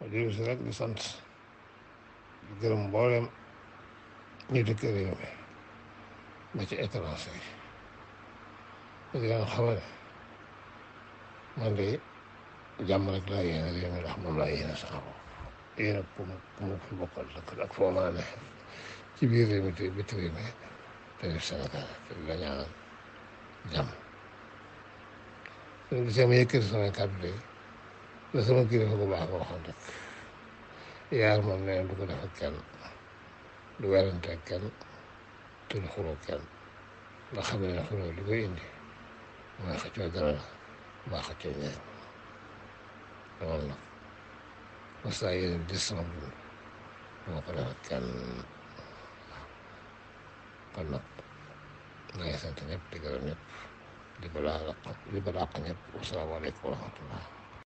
ma dellu si rek di sant di gërëm mboolem ñu dëkk réew mi ba ci étranger yi te di leen ne man de jàmm rek laa yéene réew mi ndax moom laa yéene sama bopp yéene ku mu ku mu fi bokkal dëkk ak ne ci biir réew mi te bitti réew mi te di Sénégal te di la ñaanal la sama kilifa gu baax nga waxoon rek yaar moom nee du ko def du werante ak kenn te du xuloo kenn ndax xam ne xuloo indi mooy xëccoo dara la mbaa xëccoo ñaar loolu nag parce que yéen des sama dund du ma ko def ak kenn kon nag maa ngi sant ñëpp di gërëm ñëpp di balaa di balaa ñëpp wasalaamaaleykum